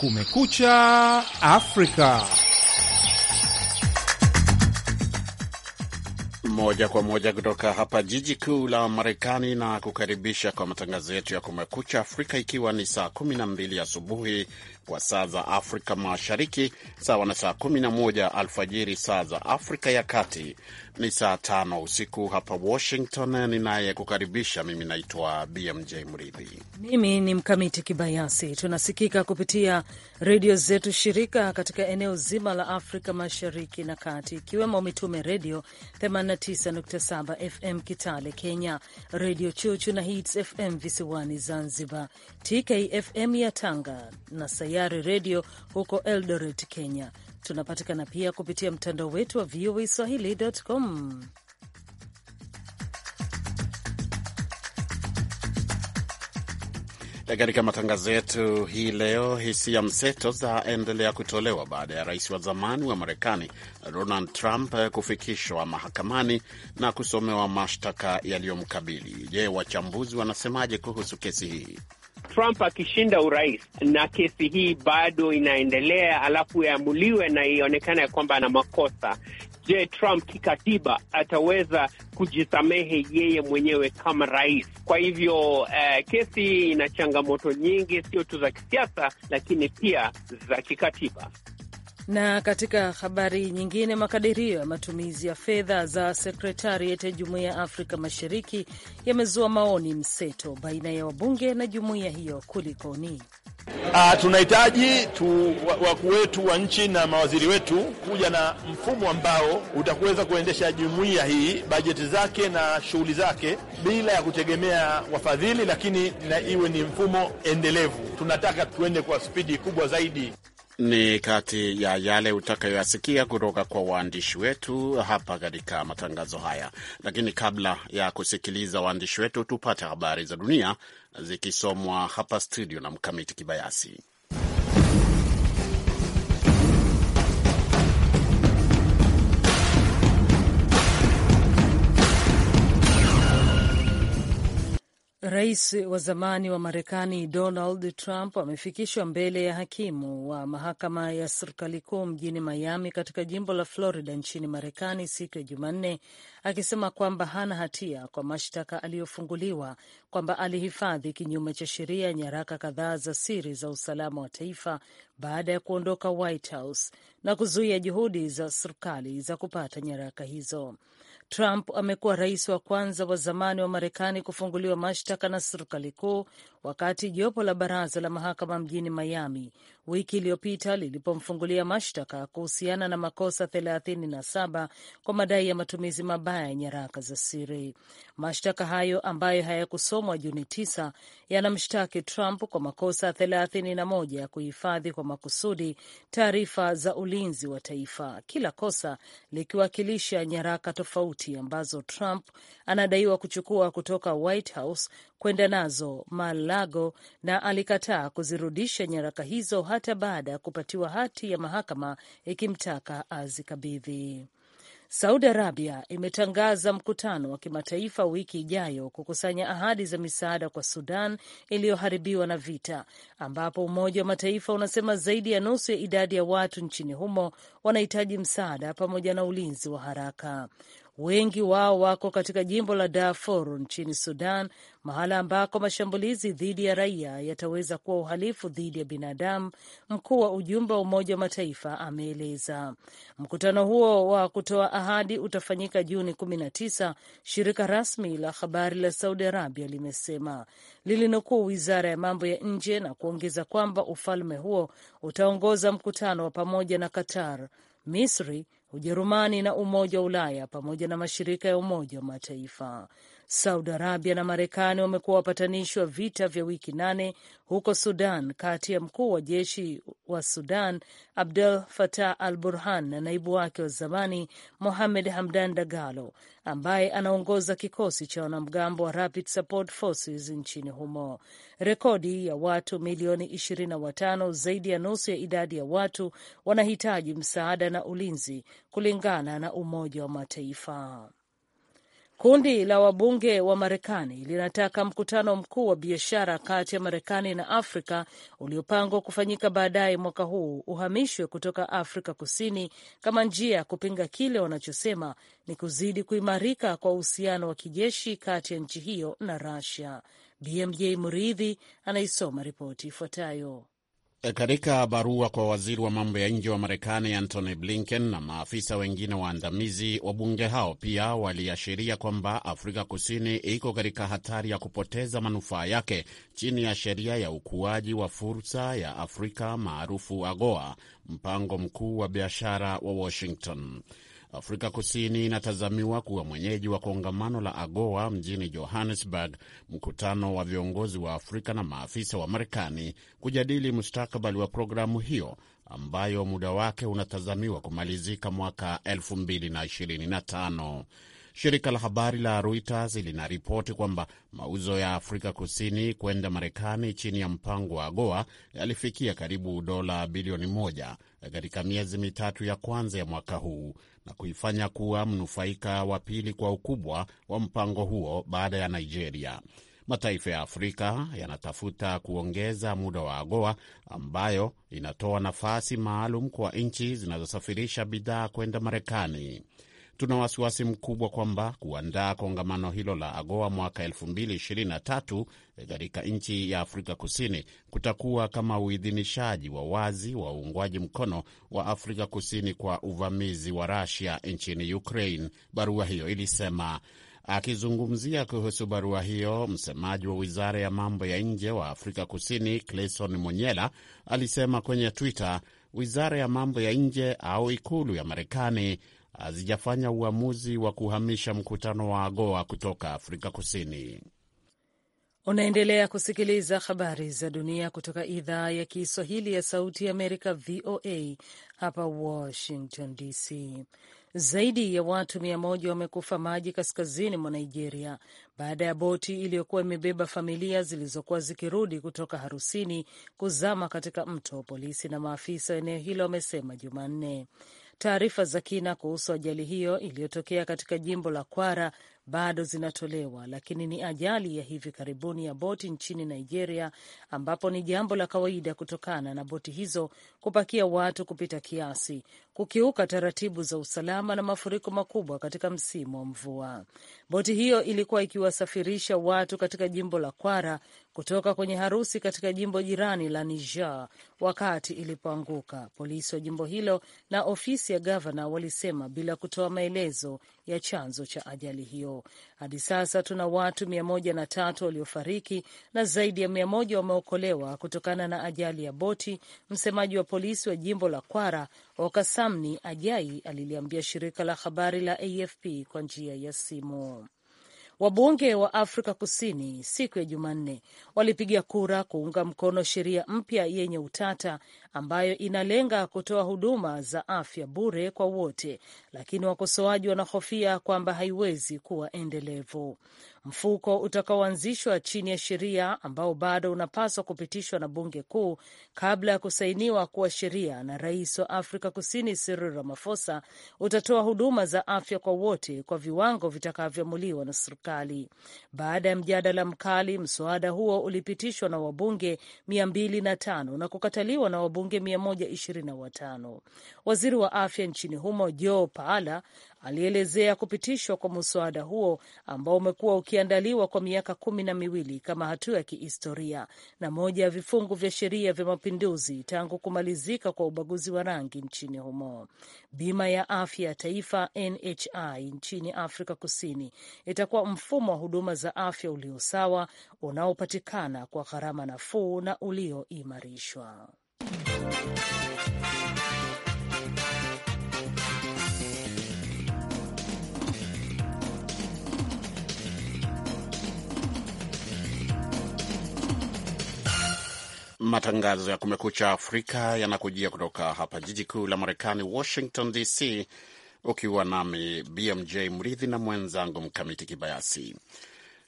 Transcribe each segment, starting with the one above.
Kumekucha Afrika. Moja kwa moja kutoka hapa jiji kuu la Marekani na kukaribisha kwa matangazo yetu ya Kumekucha Afrika, ikiwa ni saa 12 asubuhi kwa saa za Afrika Mashariki, sawa na saa 11 alfajiri saa za Afrika ya Kati, ni saa tano usiku hapa Washington. Ninayekukaribisha mimi naitwa BMJ Mridhi, mimi ni Mkamiti Kibayasi. Tunasikika kupitia redio zetu shirika katika eneo zima la Afrika Mashariki na Kati, ikiwemo Mitume Redio 89.7 FM Kitale Kenya, Redio Chuchu na Hits FM visiwani Zanzibar, TKFM ya Tanga na Sayari sayari redio huko Eldoret, Kenya. Tunapatikana pia kupitia mtandao wetu wa VOA swahili.com. Katika matangazo yetu hii leo, hisia mseto zaendelea kutolewa baada ya rais wa zamani wa Marekani Donald Trump kufikishwa mahakamani na kusomewa mashtaka yaliyomkabili. Je, wachambuzi wanasemaje kuhusu kesi hii? Trump akishinda urais na kesi hii bado inaendelea, alafu iamuliwe na ionekana ya kwamba ana makosa, je, Trump kikatiba ataweza kujisamehe yeye mwenyewe kama rais? Kwa hivyo eh, kesi ina changamoto nyingi, sio tu za kisiasa, lakini pia za kikatiba. Na katika habari nyingine, makadirio ya matumizi ya fedha za sekretarieti ya jumuiya ya Afrika Mashariki yamezua maoni mseto baina ya wabunge na jumuiya hiyo. Kulikoni? Uh, tunahitaji tu wakuu wetu wa nchi na mawaziri wetu kuja na mfumo ambao utakuweza kuendesha jumuiya hii bajeti zake na shughuli zake bila ya kutegemea wafadhili, lakini na iwe ni mfumo endelevu. Tunataka tuende kwa spidi kubwa zaidi. Ni kati ya yale utakayoyasikia kutoka kwa waandishi wetu hapa katika matangazo haya, lakini kabla ya kusikiliza waandishi wetu, tupate habari za dunia zikisomwa hapa studio na Mkamiti Kibayasi. Rais wa zamani wa Marekani Donald Trump amefikishwa mbele ya hakimu wa mahakama ya serikali kuu mjini Miami katika jimbo la Florida nchini Marekani siku ya Jumanne akisema kwamba hana hatia kwa mashtaka aliyofunguliwa kwamba alihifadhi kinyume cha sheria nyaraka kadhaa za siri za usalama wa taifa baada ya kuondoka White House na kuzuia juhudi za serikali za kupata nyaraka hizo. Trump amekuwa rais wa kwanza wa zamani wa Marekani kufunguliwa mashtaka na serikali kuu wakati jopo la baraza la mahakama mjini Miami wiki iliyopita lilipomfungulia mashtaka kuhusiana na makosa 37 kwa madai ya matumizi mabaya ya nyaraka za siri. Mashtaka hayo ambayo hayakusomwa Juni 9 yanamshtaki Trump kwa makosa 31 ya kuhifadhi kwa makusudi taarifa za ulinzi wa taifa, kila kosa likiwakilisha nyaraka tofauti ambazo Trump anadaiwa kuchukua kutoka White House kwenda nazo Malago na alikataa kuzirudisha nyaraka hizo hata baada ya kupatiwa hati ya mahakama ikimtaka azikabidhi. Saudi Arabia imetangaza mkutano wa kimataifa wiki ijayo kukusanya ahadi za misaada kwa Sudan iliyoharibiwa na vita, ambapo Umoja wa Mataifa unasema zaidi ya nusu ya idadi ya watu nchini humo wanahitaji msaada pamoja na ulinzi wa haraka. Wengi wao wako katika jimbo la Darfur nchini Sudan, mahala ambako mashambulizi dhidi ya raia yataweza kuwa uhalifu dhidi ya binadamu, mkuu wa ujumbe wa Umoja wa Mataifa ameeleza. Mkutano huo wa kutoa ahadi utafanyika Juni 19, shirika rasmi la habari la Saudi Arabia limesema, lilinukuu wizara ya mambo ya nje na kuongeza kwamba ufalme huo utaongoza mkutano wa pamoja na Qatar, Misri, Ujerumani na Umoja wa Ulaya pamoja na mashirika ya Umoja wa Mataifa. Saudi Arabia na Marekani wamekuwa wapatanishi wa vita vya wiki nane huko Sudan, kati ya mkuu wa jeshi wa Sudan abdul fatah al Burhan na naibu wake wa zamani Mohamed Hamdan Dagalo, ambaye anaongoza kikosi cha wanamgambo wa Rapid Support Forces nchini humo. Rekodi ya watu milioni 25, zaidi ya nusu ya idadi ya watu, wanahitaji msaada na ulinzi kulingana na Umoja wa Mataifa. Kundi la wabunge wa Marekani linataka mkutano mkuu wa biashara kati ya Marekani na Afrika uliopangwa kufanyika baadaye mwaka huu uhamishwe kutoka Afrika Kusini kama njia ya kupinga kile wanachosema ni kuzidi kuimarika kwa uhusiano wa kijeshi kati ya nchi hiyo na rasia BMJ Muridhi anaisoma ripoti ifuatayo. Eh, katika barua kwa waziri wa mambo ya nje wa Marekani Antony Blinken na maafisa wengine waandamizi, wabunge hao pia waliashiria kwamba Afrika Kusini iko katika hatari ya kupoteza manufaa yake chini ya sheria ya ukuaji wa fursa ya Afrika maarufu AGOA, mpango mkuu wa biashara wa Washington. Afrika Kusini inatazamiwa kuwa mwenyeji wa kongamano la AGOA mjini Johannesburg, mkutano wa viongozi wa Afrika na maafisa wa Marekani kujadili mustakabali wa programu hiyo ambayo muda wake unatazamiwa kumalizika mwaka 2025. Shirika la habari la Reuters linaripoti kwamba mauzo ya Afrika Kusini kwenda Marekani chini ya mpango wa AGOA yalifikia karibu dola bilioni moja katika miezi mitatu ya kwanza ya mwaka huu, na kuifanya kuwa mnufaika wa pili kwa ukubwa wa mpango huo baada ya Nigeria. Mataifa ya Afrika yanatafuta kuongeza muda wa AGOA ambayo inatoa nafasi maalum kwa nchi zinazosafirisha bidhaa kwenda Marekani. Tuna wasiwasi mkubwa kwamba kuandaa kongamano hilo la AGOA mwaka 2023 katika nchi ya Afrika Kusini kutakuwa kama uidhinishaji wa wazi wa uungwaji mkono wa Afrika Kusini kwa uvamizi wa Rusia nchini Ukraine, barua hiyo ilisema. Akizungumzia kuhusu barua hiyo, msemaji wa wizara ya mambo ya nje wa Afrika Kusini Clayson Monyela alisema kwenye Twitter, wizara ya mambo ya nje au ikulu ya Marekani hazijafanya uamuzi wa kuhamisha mkutano wa AGOA kutoka Afrika Kusini. Unaendelea kusikiliza habari za dunia kutoka idhaa ya Kiswahili ya Sauti ya Amerika, VOA hapa Washington DC. Zaidi ya watu mia moja wamekufa maji kaskazini mwa Nigeria baada ya boti iliyokuwa imebeba familia zilizokuwa zikirudi kutoka harusini kuzama katika mto, polisi na maafisa wa eneo hilo wamesema Jumanne taarifa za kina kuhusu ajali hiyo iliyotokea katika jimbo la Kwara bado zinatolewa, lakini ni ajali ya hivi karibuni ya boti nchini Nigeria, ambapo ni jambo la kawaida kutokana na boti hizo kupakia watu kupita kiasi, kukiuka taratibu za usalama na mafuriko makubwa katika msimu wa mvua. Boti hiyo ilikuwa ikiwasafirisha watu katika jimbo la Kwara kutoka kwenye harusi katika jimbo jirani la Niger wakati ilipoanguka. Polisi wa jimbo hilo na ofisi ya gavana walisema bila kutoa maelezo ya chanzo cha ajali hiyo. Hadi sasa tuna watu mia moja na tatu waliofariki na zaidi ya mia moja wameokolewa kutokana na ajali ya boti. Msemaji wa polisi wa jimbo la Kwara Okasamni Ajai aliliambia shirika la habari la AFP kwa njia ya simu. Wabunge wa Afrika Kusini siku ya Jumanne walipiga kura kuunga mkono sheria mpya yenye utata ambayo inalenga kutoa huduma za afya bure kwa wote, lakini wakosoaji wanahofia kwamba haiwezi kuwa endelevu mfuko utakaoanzishwa chini ya sheria ambao bado unapaswa kupitishwa na bunge kuu kabla ya kusainiwa kuwa sheria na rais wa Afrika Kusini Cyril Ramaphosa utatoa huduma za afya kwa wote kwa viwango vitakavyoamuliwa na serikali. Baada ya mjadala mkali, mswada huo ulipitishwa na wabunge 205 na kukataliwa na wabunge 125. Waziri wa afya nchini humo Joe Paala alielezea kupitishwa kwa muswada huo ambao umekuwa ukiandaliwa kwa miaka kumi na miwili kama hatua ya kihistoria na moja ya vifungu vya sheria vya mapinduzi tangu kumalizika kwa ubaguzi wa rangi nchini humo. Bima ya afya ya taifa NHI nchini Afrika Kusini itakuwa mfumo wa huduma za afya ulio sawa, unaopatikana kwa gharama nafuu na ulioimarishwa. Matangazo ya Kumekucha Afrika yanakujia kutoka hapa jiji kuu la Marekani, Washington DC, ukiwa nami BMJ Mridhi na mwenzangu Mkamiti Kibayasi.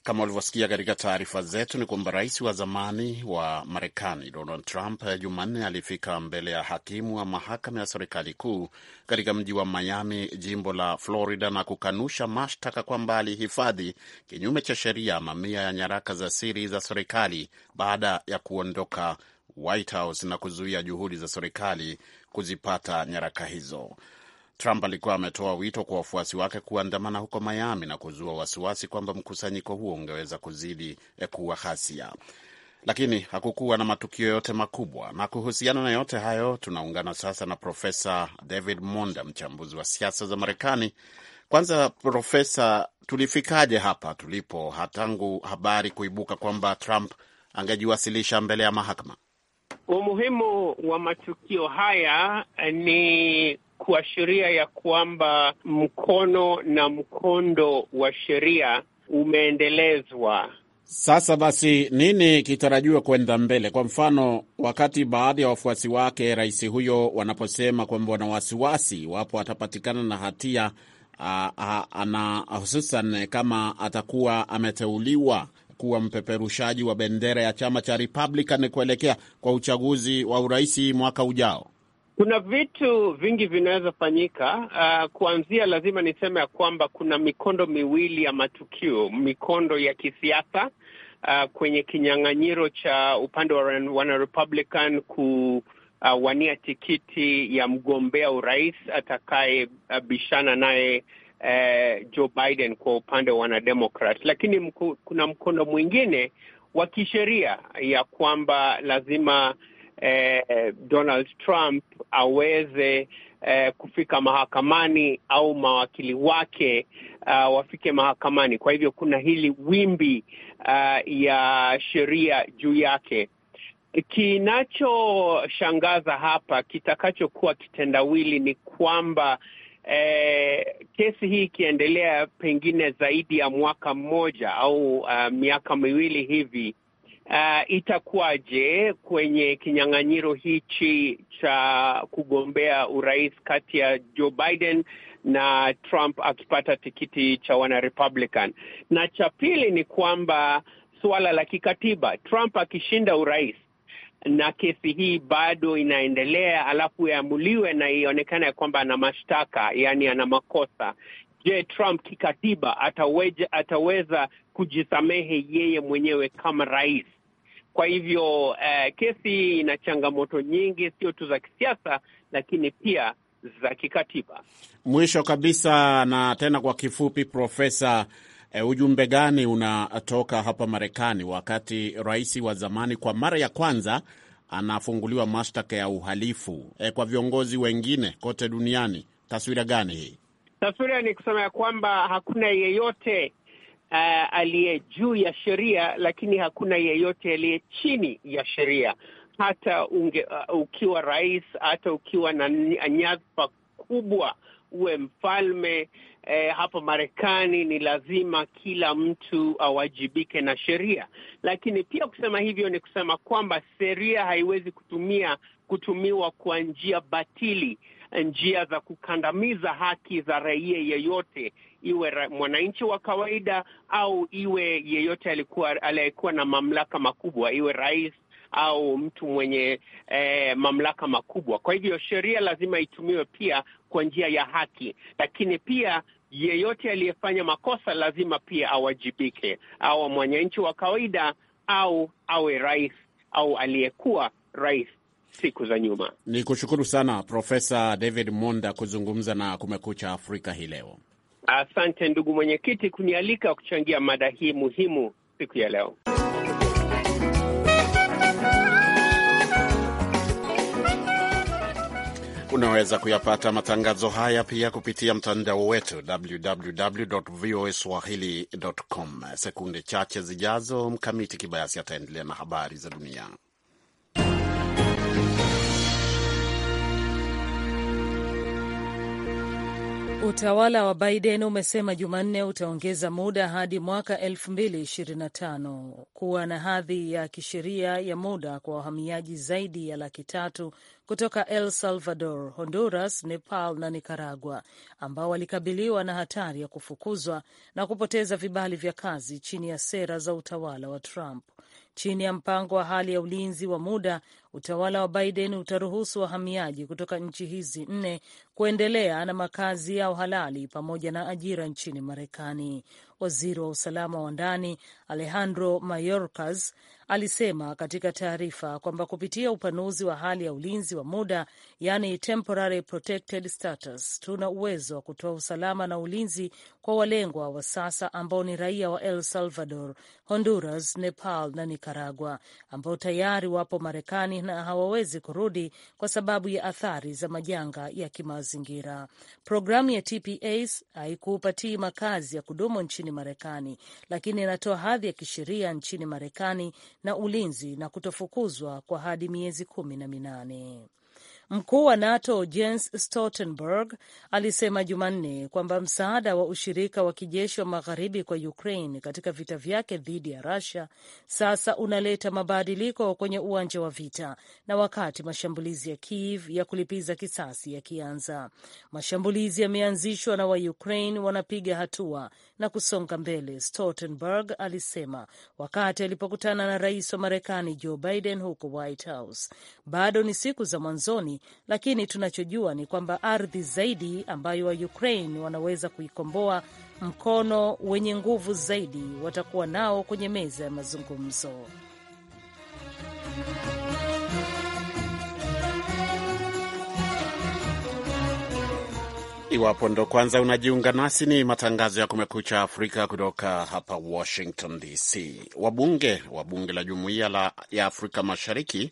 Kama ulivyosikia katika taarifa zetu ni kwamba rais wa zamani wa Marekani Donald Trump Jumanne alifika mbele ya hakimu wa mahakama ya serikali kuu katika mji wa Miami, jimbo la Florida, na kukanusha mashtaka kwamba alihifadhi kinyume cha sheria mamia ya nyaraka za siri za serikali baada ya kuondoka White House na kuzuia juhudi za serikali kuzipata nyaraka hizo. Trump alikuwa ametoa wito kwa wafuasi wake kuandamana huko Miami na kuzua wasiwasi kwamba mkusanyiko huo ungeweza kuzidi eh, kuwa ghasia, lakini hakukuwa na matukio yote makubwa. Na kuhusiana na yote hayo, tunaungana sasa na Profesa David Monda, mchambuzi wa siasa za Marekani. Kwanza Profesa, tulifikaje hapa tulipo, tangu habari kuibuka kwamba Trump angejiwasilisha mbele ya mahakama? Umuhimu wa matukio haya ni kuashiria ya kwamba mkono na mkondo wa sheria umeendelezwa. Sasa basi, nini kitarajiwa kwenda mbele? Kwa mfano, wakati baadhi ya wafuasi wake rais huyo wanaposema kwamba wana wasiwasi iwapo atapatikana na hatia na hususan kama atakuwa ameteuliwa kuwa mpeperushaji wa bendera ya chama cha Republican kuelekea kwa uchaguzi wa uraisi mwaka ujao? Kuna vitu vingi vinaweza fanyika. Uh, kuanzia lazima niseme ya kwamba kuna mikondo miwili ya matukio, mikondo ya kisiasa uh, kwenye kinyang'anyiro cha upande wa wana Republican ku uh, wania tikiti ya mgombea urais atakayebishana uh, naye eh, Joe Biden kwa upande wa wanademokrat, lakini mku, kuna mkondo mwingine wa kisheria ya kwamba lazima eh, Donald Trump aweze eh, kufika mahakamani au mawakili wake uh, wafike mahakamani. Kwa hivyo kuna hili wimbi uh, ya sheria juu yake. Kinachoshangaza hapa, kitakachokuwa kitendawili ni kwamba eh, kesi hii ikiendelea pengine zaidi ya mwaka mmoja au uh, miaka miwili hivi uh, itakuwaje kwenye kinyang'anyiro hichi cha kugombea urais kati ya Joe Biden na Trump akipata tikiti cha wanarepublican? Na cha pili ni kwamba suala la kikatiba, Trump akishinda urais na kesi hii bado inaendelea, alafu iamuliwe na ionekana ya kwamba ana mashtaka, yaani ana makosa. Je, Trump kikatiba ataweja, ataweza kujisamehe yeye mwenyewe kama rais? Kwa hivyo uh, kesi ina changamoto nyingi, sio tu za kisiasa, lakini pia za kikatiba. Mwisho kabisa na tena kwa kifupi, Profesa E, ujumbe gani unatoka hapa Marekani wakati rais wa zamani kwa mara ya kwanza anafunguliwa mashtaka ya uhalifu e, kwa viongozi wengine kote duniani? Taswira gani hii? Taswira ni kusema ya kwamba hakuna yeyote uh, aliye juu ya sheria, lakini hakuna yeyote aliye chini ya sheria hata unge, uh, ukiwa rais hata ukiwa na nyadhifa mkubwa uwe mfalme eh, hapa Marekani ni lazima kila mtu awajibike na sheria. Lakini pia kusema hivyo ni kusema kwamba sheria haiwezi kutumia kutumiwa kwa njia batili, njia za kukandamiza haki za raia yeyote, iwe mwananchi wa kawaida au iwe yeyote alikuwa aliyekuwa na mamlaka makubwa, iwe rais au mtu mwenye eh, mamlaka makubwa. Kwa hivyo sheria lazima itumiwe pia kwa njia ya haki, lakini pia yeyote aliyefanya makosa lazima pia awajibike, awe mwananchi wa kawaida au awe rais au aliyekuwa rais siku za nyuma. Ni kushukuru sana Profesa David Monda kuzungumza na Kumekucha Afrika hii leo. Asante ndugu mwenyekiti kunialika kuchangia mada hii muhimu siku ya leo. Unaweza kuyapata matangazo haya pia kupitia mtandao wetu www.voaswahili.com. Sekunde chache zijazo, Mkamiti Kibayasi ataendelea na habari za dunia. Utawala wa Biden umesema Jumanne utaongeza muda hadi mwaka 2025 kuwa na hadhi ya kisheria ya muda kwa wahamiaji zaidi ya laki tatu kutoka El Salvador, Honduras, Nepal na Nicaragua ambao walikabiliwa na hatari ya kufukuzwa na kupoteza vibali vya kazi chini ya sera za utawala wa Trump. Chini ya mpango wa hali ya ulinzi wa muda utawala wa Biden utaruhusu wahamiaji kutoka nchi hizi nne kuendelea na makazi yao halali pamoja na ajira nchini Marekani waziri wa usalama wa ndani Alejandro Mayorkas alisema katika taarifa kwamba kupitia upanuzi wa hali ya ulinzi wa muda, yaani temporary protected status, tuna uwezo wa kutoa usalama na ulinzi kwa walengwa wa sasa ambao ni raia wa El Salvador, Honduras, Nepal na Nicaragua, ambao tayari wapo Marekani na hawawezi kurudi kwa sababu ya athari za majanga ya kimazingira. Programu ya TPAs haikuupatii makazi ya kudumu nchini nchini Marekani, lakini inatoa hadhi ya kisheria nchini Marekani na ulinzi na kutofukuzwa kwa hadi miezi kumi na minane. Mkuu wa NATO Jens Stoltenberg alisema Jumanne kwamba msaada wa ushirika wa kijeshi wa magharibi kwa Ukraine katika vita vyake dhidi ya Russia sasa unaleta mabadiliko kwenye uwanja wa vita, na wakati mashambulizi ya Kiev ya kulipiza kisasi yakianza, mashambulizi yameanzishwa na waukrain wanapiga hatua na kusonga mbele, Stoltenberg alisema wakati alipokutana na rais wa Marekani Joe Biden huko White House. Bado ni siku za mwanzoni lakini tunachojua ni kwamba ardhi zaidi ambayo wa Ukraine wanaweza kuikomboa, mkono wenye nguvu zaidi watakuwa nao kwenye meza ya mazungumzo. Iwapo ndo kwanza unajiunga nasi, ni matangazo ya Kumekucha Afrika kutoka hapa Washington DC. Wabunge wa bunge la jumuiya ya Afrika Mashariki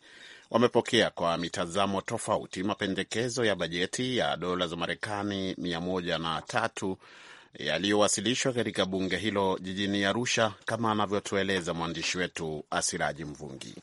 wamepokea kwa mitazamo tofauti mapendekezo ya bajeti ya dola za Marekani mia moja na tatu yaliyowasilishwa katika bunge hilo jijini Arusha, kama anavyotueleza mwandishi wetu Asiraji Mvungi.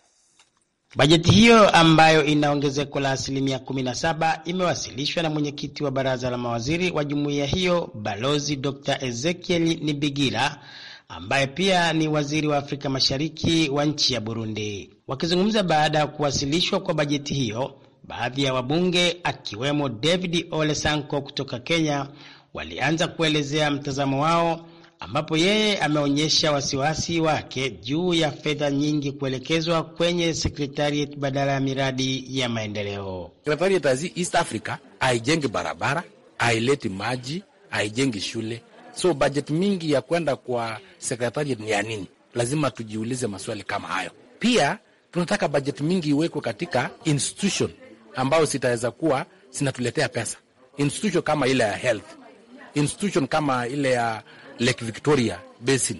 Bajeti hiyo ambayo ina ongezeko la asilimia 17 imewasilishwa na mwenyekiti wa baraza la mawaziri wa jumuiya hiyo, Balozi Dr Ezekiel Nibigira ambaye pia ni waziri wa Afrika Mashariki wa nchi ya Burundi. Wakizungumza baada ya kuwasilishwa kwa bajeti hiyo, baadhi ya wabunge akiwemo David Ole Sanko kutoka Kenya walianza kuelezea mtazamo wao ambapo yeye ameonyesha wasiwasi wake juu ya fedha nyingi kuelekezwa kwenye sekretariat badala ya miradi ya maendeleo. Sekretariat ya East Africa haijengi barabara, haileti maji, haijengi shule So bajeti mingi ya kwenda kwa sekretariat ni ya nini? Lazima tujiulize maswali kama hayo. Pia tunataka bajeti mingi iwekwe katika institution ambayo zitaweza kuwa zinatuletea pesa, institution kama ile ya health, institution kama ile ya Lake Victoria Basin.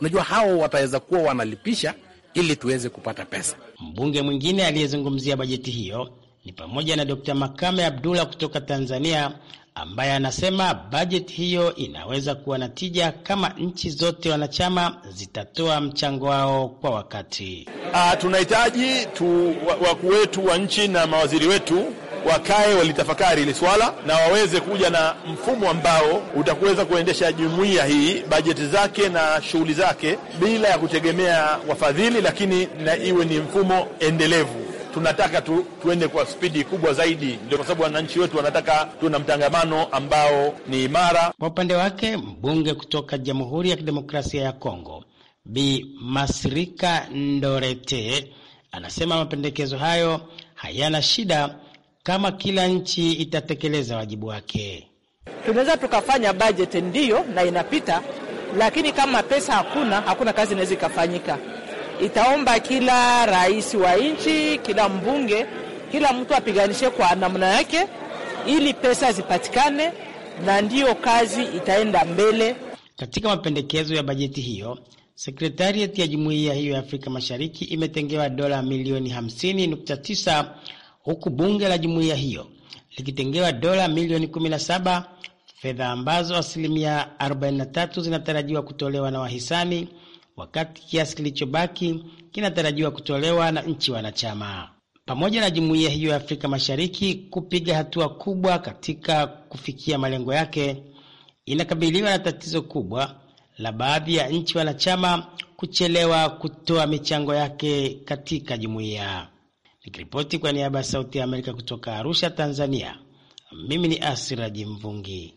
Unajua hao wataweza kuwa wanalipisha ili tuweze kupata pesa. Mbunge mwingine aliyezungumzia bajeti hiyo ni pamoja na Dr. Makame Abdullah kutoka Tanzania ambaye anasema bajeti hiyo inaweza kuwa na tija kama nchi zote wanachama zitatoa mchango wao kwa wakati. Ah, tunahitaji tu wakuu wetu wa nchi na mawaziri wetu wakae walitafakari hili swala na waweze kuja na mfumo ambao utakuweza kuendesha jumuiya hii bajeti zake na shughuli zake bila ya kutegemea wafadhili, lakini na iwe ni mfumo endelevu tunataka tu, tuende kwa spidi kubwa zaidi, ndio kwa sababu wananchi wetu wanataka tuwe na mtangamano ambao ni imara. Kwa upande wake mbunge kutoka Jamhuri ya Kidemokrasia ya Kongo Bi Masirika Ndorete anasema mapendekezo hayo hayana shida kama kila nchi itatekeleza wajibu wake. Tunaweza tukafanya bajeti ndiyo na inapita, lakini kama pesa hakuna, hakuna kazi inaweza ikafanyika itaomba kila rais wa nchi, kila mbunge, kila mtu apiganishe kwa namna yake ili pesa zipatikane, na ndiyo kazi itaenda mbele. Katika mapendekezo ya bajeti hiyo, sekretarieti ya jumuiya hiyo ya Afrika Mashariki imetengewa dola milioni 50.9 huku bunge la jumuiya hiyo likitengewa dola milioni 17, fedha ambazo asilimia 43 zinatarajiwa kutolewa na wahisani wakati kiasi kilichobaki kinatarajiwa kutolewa na nchi wanachama pamoja na jumuiya hiyo ya Afrika Mashariki kupiga hatua kubwa katika kufikia malengo yake, inakabiliwa na tatizo kubwa la baadhi ya nchi wanachama kuchelewa kutoa michango yake katika jumuiya. Nikiripoti kwa niaba ya Sauti ya Amerika kutoka Arusha, Tanzania, mimi ni Asiraji Mvungi.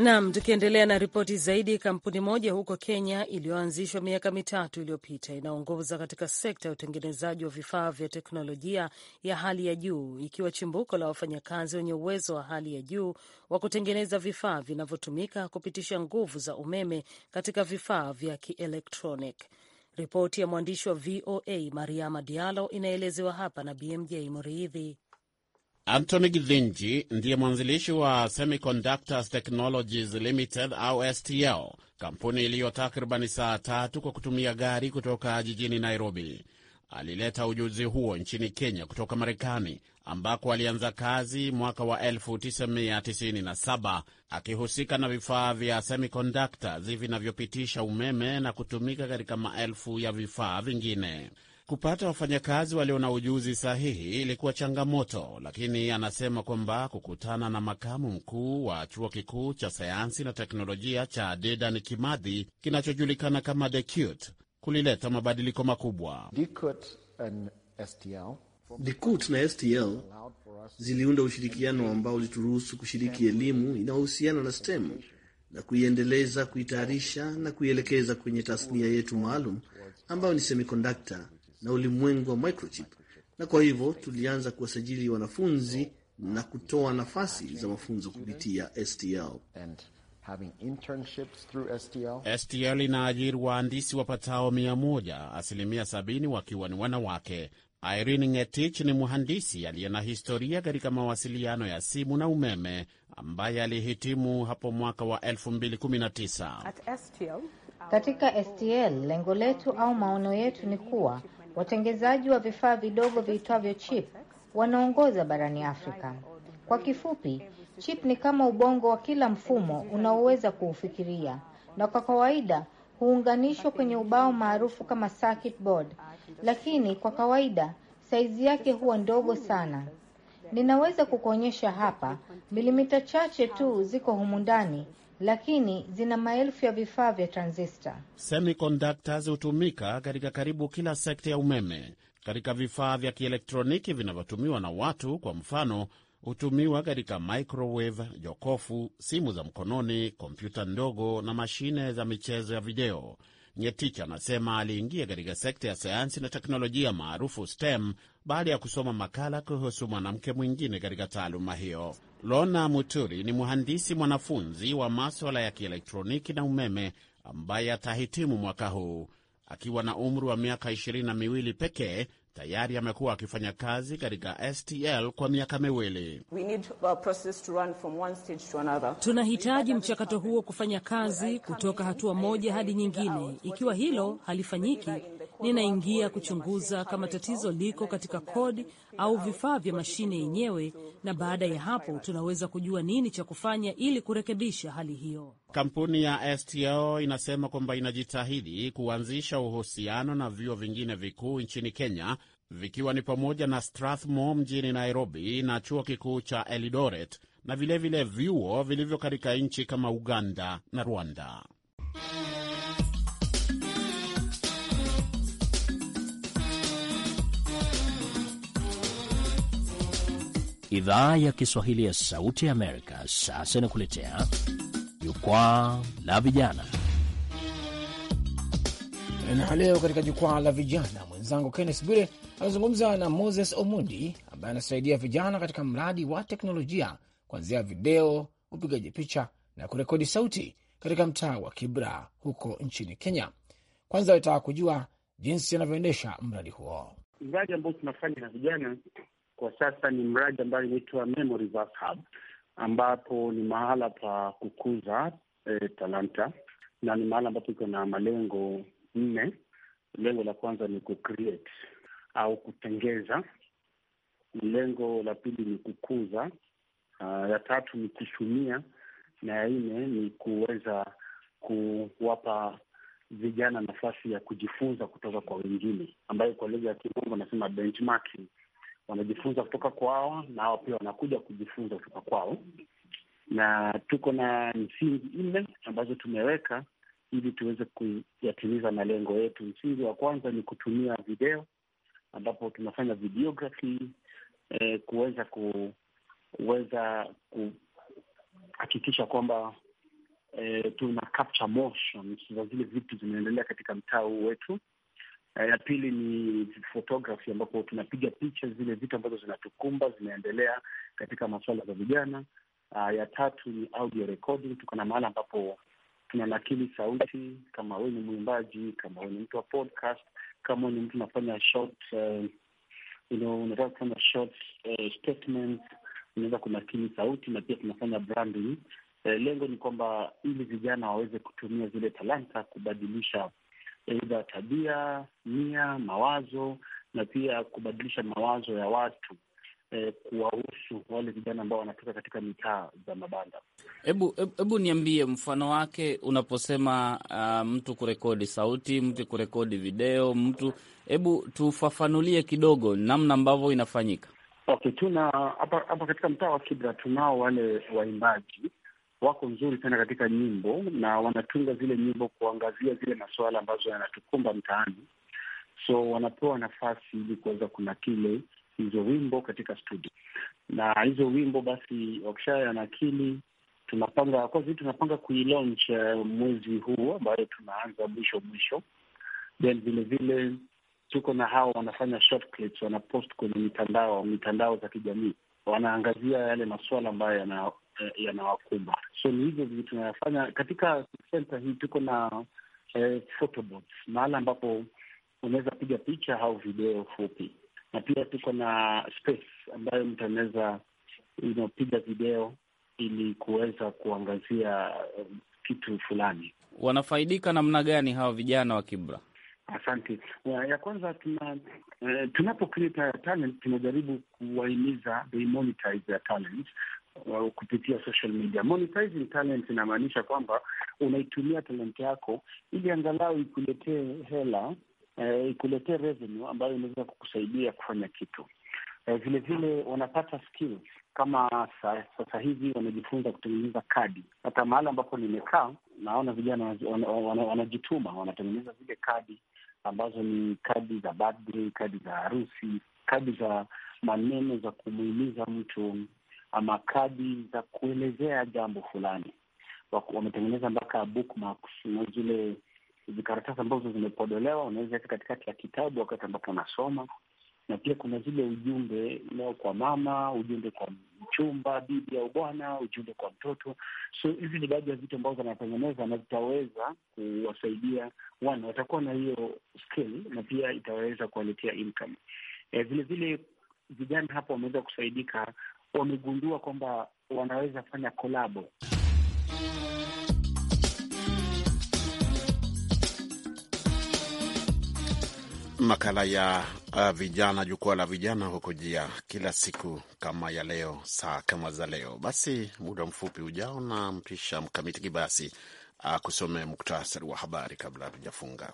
Nam, tukiendelea na ripoti zaidi, kampuni moja huko Kenya iliyoanzishwa miaka mitatu iliyopita inaongoza katika sekta ya utengenezaji wa vifaa vya teknolojia ya hali ya juu, ikiwa chimbuko la wafanyakazi wenye uwezo wa hali ya juu wa kutengeneza vifaa vinavyotumika kupitisha nguvu za umeme katika vifaa vya kielektronic Ripoti ya mwandishi wa VOA Mariama Diallo inaelezewa hapa na BMJ Muridhi. Anthony Githinji ndiye mwanzilishi wa Semiconductors Technologies Limited au STL, kampuni iliyo takribani saa tatu kwa kutumia gari kutoka jijini Nairobi. Alileta ujuzi huo nchini Kenya kutoka Marekani ambako alianza kazi mwaka wa 1997 akihusika na vifaa vya semiconductors vinavyopitisha umeme na kutumika katika maelfu ya vifaa vingine. Kupata wafanyakazi walio na ujuzi sahihi ilikuwa changamoto, lakini anasema kwamba kukutana na makamu mkuu wa chuo kikuu cha sayansi na teknolojia cha Dedan Kimathi kinachojulikana kama DECUT kulileta mabadiliko makubwa. DECUT na STL ziliunda ushirikiano ambao ulituruhusu kushiriki elimu inayohusiana na STEM na kuiendeleza, kuitayarisha na kuielekeza kwenye tasnia yetu maalum ambayo ni semiconductor na ulimwengu wa microchip, na kwa hivyo tulianza kuwasajili wanafunzi na kutoa nafasi za mafunzo kupitia STL. STL, inaajiri wahandisi wapatao mia moja, asilimia sabini wakiwa ni wanawake. Irene Ngetich ni mhandisi aliye na historia katika mawasiliano ya simu na umeme ambaye alihitimu hapo mwaka wa 2019. Katika STL lengo letu au maono yetu ni kuwa Watengenezaji wa vifaa vidogo viitwavyo chip wanaongoza barani Afrika. Kwa kifupi, chip ni kama ubongo wa kila mfumo unaoweza kuufikiria, na kwa kawaida huunganishwa kwenye ubao maarufu kama circuit board, lakini kwa kawaida saizi yake huwa ndogo sana. Ninaweza kukuonyesha hapa, milimita chache tu ziko humu ndani lakini zina maelfu ya vifaa vya transista. Semiconductors hutumika katika karibu kila sekta ya umeme. Katika vifaa vya kielektroniki vinavyotumiwa na watu, kwa mfano, hutumiwa katika microwave, jokofu, simu za mkononi, kompyuta ndogo na mashine za michezo ya video. Nyetich anasema aliingia katika sekta ya sayansi na teknolojia maarufu STEM baada ya kusoma makala kuhusu mwanamke mwingine katika taaluma hiyo. Lona Muturi ni mhandisi mwanafunzi wa maswala ya kielektroniki na umeme ambaye atahitimu mwaka huu akiwa na umri wa miaka ishirini na miwili pekee tayari amekuwa akifanya kazi katika STL kwa miaka miwili. Tunahitaji mchakato huo kufanya kazi kutoka hatua moja hadi nyingine. Ikiwa hilo halifanyiki, ninaingia kuchunguza kama tatizo liko katika kodi au vifaa vya mashine yenyewe, na baada ya hapo tunaweza kujua nini cha kufanya ili kurekebisha hali hiyo. Kampuni ya STL inasema kwamba inajitahidi kuanzisha uhusiano na vyuo vingine vikuu nchini Kenya vikiwa ni pamoja na Strathmore mjini Nairobi na chuo kikuu cha Eldoret na vilevile vyuo vilivyo katika nchi kama Uganda na Rwanda. Idhaa ya Kiswahili ya Sauti ya Amerika sasa inakuletea Jukwaa la Vijana, na leo katika Jukwaa la Vijana mwenzangu Kennes Bwire anazungumza na Moses Omundi ambaye anasaidia vijana katika mradi wa teknolojia kuanzia video, upigaji picha na kurekodi sauti katika mtaa wa Kibra huko nchini Kenya. Kwanza alitaka kujua jinsi anavyoendesha mradi huo. Mradi ambao tunafanya na vijana kwa sasa ni mradi ambayo inaitwa Memory Verse Hub, ambapo ni mahala pa kukuza e, talanta na ni mahala ambapo iko na malengo nne. Lengo la kwanza ni kucreate au kutengeza. Lengo la pili ni kukuza. Uh, ya tatu ni kushumia, na ya nne ni kuweza kuwapa vijana nafasi ya kujifunza kutoka kwa wengine, ambayo kwa lugha ya kimombo wanasema benchmarking. Wanajifunza kutoka kwao na hao pia wanakuja kujifunza kutoka kwao, na tuko na msingi nne ambazo tumeweka ili tuweze kuyatimiza malengo yetu. Msingi wa kwanza ni kutumia video ambapo tunafanya videography eh, kuweza kuweza kuhakikisha kwamba eh, tuna capture motions za zile vitu zinaendelea katika mtaa huu wetu. Eh, ya pili ni photography ambapo tunapiga picha zile vitu ambazo zinatukumba zinaendelea katika masuala za vijana. Ah, ya tatu ni audio recording, tuko na mahala ambapo tuna nakili sauti. Kama wewe ni mwimbaji, kama wewe ni mtu wa podcast, kama ni mtu unafanya short, uh, you know, unataka kufanya short uh, eh, statement, unaweza kunakili sauti na pia tunafanya branding. Uh, lengo ni kwamba ili vijana waweze kutumia zile talanta kubadilisha aidha tabia, nia, mawazo na pia kubadilisha mawazo ya watu eh, kuwahusu wale vijana ambao wanatoka katika mitaa za mabanda. Hebu hebu niambie mfano wake unaposema uh, mtu kurekodi sauti, mtu kurekodi video, mtu hebu tufafanulie kidogo namna ambavyo inafanyika. Okay, tuna hapa hapa katika mtaa wa Kibra tunao wale waimbaji wako nzuri sana katika nyimbo na wanatunga zile nyimbo kuangazia zile masuala ambazo yanatukumba mtaani, so wanapewa nafasi ili kuweza kuna kile hizo wimbo katika studio, na hizo wimbo basi wakisha nakili tunapanga kwa tunapanga kuilaunch uh, mwezi huu ambayo tunaanza mwisho mwisho, then vile vile tuko na hao wanafanya short clips, wanapost kwenye mitandao mitandao za kijamii, wanaangazia yale masuala ambayo yana eh, So ni hivyo vitu tunayafanya katika senta hii. Tuko na eh, mahala ambapo unaweza piga picha au video fupi na pia tuko na space ambayo mtu anaweza inaopiga video ili kuweza kuangazia um, kitu fulani. Wanafaidika namna gani hawa vijana wa Kibra? Asante. Ya kwanza tuna uh, tunapo create ya talent tunajaribu kuwahimiza they monetize their talent kupitia social media. Monetizing talent inamaanisha kwamba unaitumia talent yako ili angalau ikuletee hela eh, ikuletee revenue ambayo inaweza kukusaidia kufanya kitu vilevile. Eh, vile wanapata skills kama sasa, hivi wanajifunza kutengeneza kadi. Hata mahali ambapo nimekaa naona vijana wanajituma wana, wana, wana wanatengeneza zile kadi ambazo ni kadi za birthday, kadi za harusi, kadi za maneno za kumuhimiza mtu ama kadi za kuelezea jambo fulani. wametengeneza mpaka bookmarks na zile vikaratasi ambazo zimepodolewa, unaweza weka katikati ya kitabu wakati ambapo unasoma, na pia kuna zile ujumbe leo kwa mama, ujumbe kwa mchumba, bibi au bwana, ujumbe kwa mtoto. So hivi ni baadhi ya vitu ambavyo wanatengeneza na vitaweza kuwasaidia wana, watakuwa na hiyo skill na pia itaweza kuwaletea income. E, vile vile vijana hapo wameweza kusaidika, wamegundua kwamba wanaweza fanya kolabo Makala ya uh, vijana, jukwaa la vijana hukujia kila siku kama ya leo, saa kama za leo. Basi muda mfupi ujao na mpisha Mkamiti Kibasi akusomee uh, muktasari wa habari kabla hatujafunga.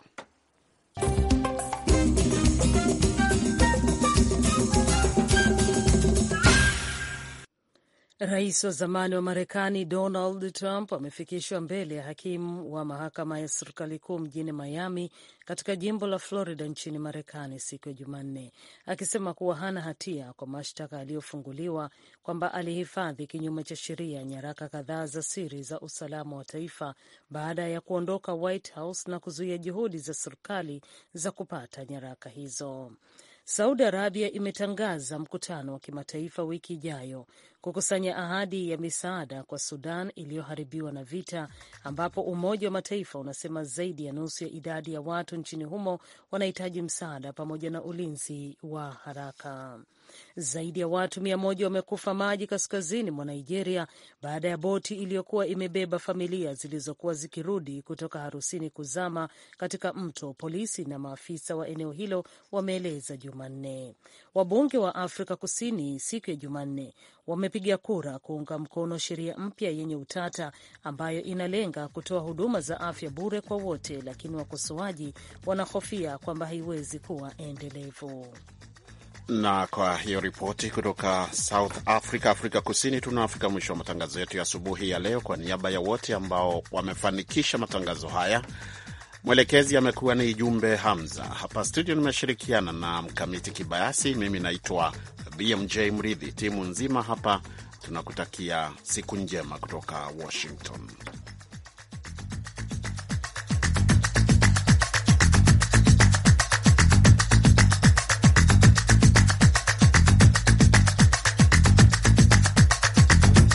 Rais wa zamani wa Marekani Donald Trump amefikishwa mbele ya hakimu wa mahakama ya serikali kuu mjini Miami katika jimbo la Florida nchini Marekani siku ya Jumanne akisema kuwa hana hatia kwa mashtaka yaliyofunguliwa kwamba alihifadhi kinyume cha sheria nyaraka kadhaa za siri za usalama wa taifa baada ya kuondoka White House na kuzuia juhudi za serikali za kupata nyaraka hizo. Saudi Arabia imetangaza mkutano wa kimataifa wiki ijayo kukusanya ahadi ya misaada kwa Sudan iliyoharibiwa na vita, ambapo Umoja wa Mataifa unasema zaidi ya nusu ya idadi ya watu nchini humo wanahitaji msaada pamoja na ulinzi wa haraka. Zaidi ya watu mia moja wamekufa maji kaskazini mwa Nigeria baada ya boti iliyokuwa imebeba familia zilizokuwa zikirudi kutoka harusini kuzama katika mto, polisi na maafisa wa eneo hilo wameeleza Jumanne. Wabunge wa Afrika Kusini siku ya Jumanne wamepiga kura kuunga mkono sheria mpya yenye utata ambayo inalenga kutoa huduma za afya bure kwa wote, lakini wakosoaji wanahofia kwamba haiwezi kuwa endelevu. Na kwa hiyo ripoti kutoka South Africa, Afrika Kusini, tunafika mwisho wa matangazo yetu ya asubuhi ya leo. Kwa niaba ya wote ambao wamefanikisha matangazo haya Mwelekezi amekuwa ni Jumbe Hamza. Hapa studio nimeshirikiana na Mkamiti Kibayasi. Mimi naitwa BMJ Mridhi. Timu nzima hapa tunakutakia siku njema kutoka Washington.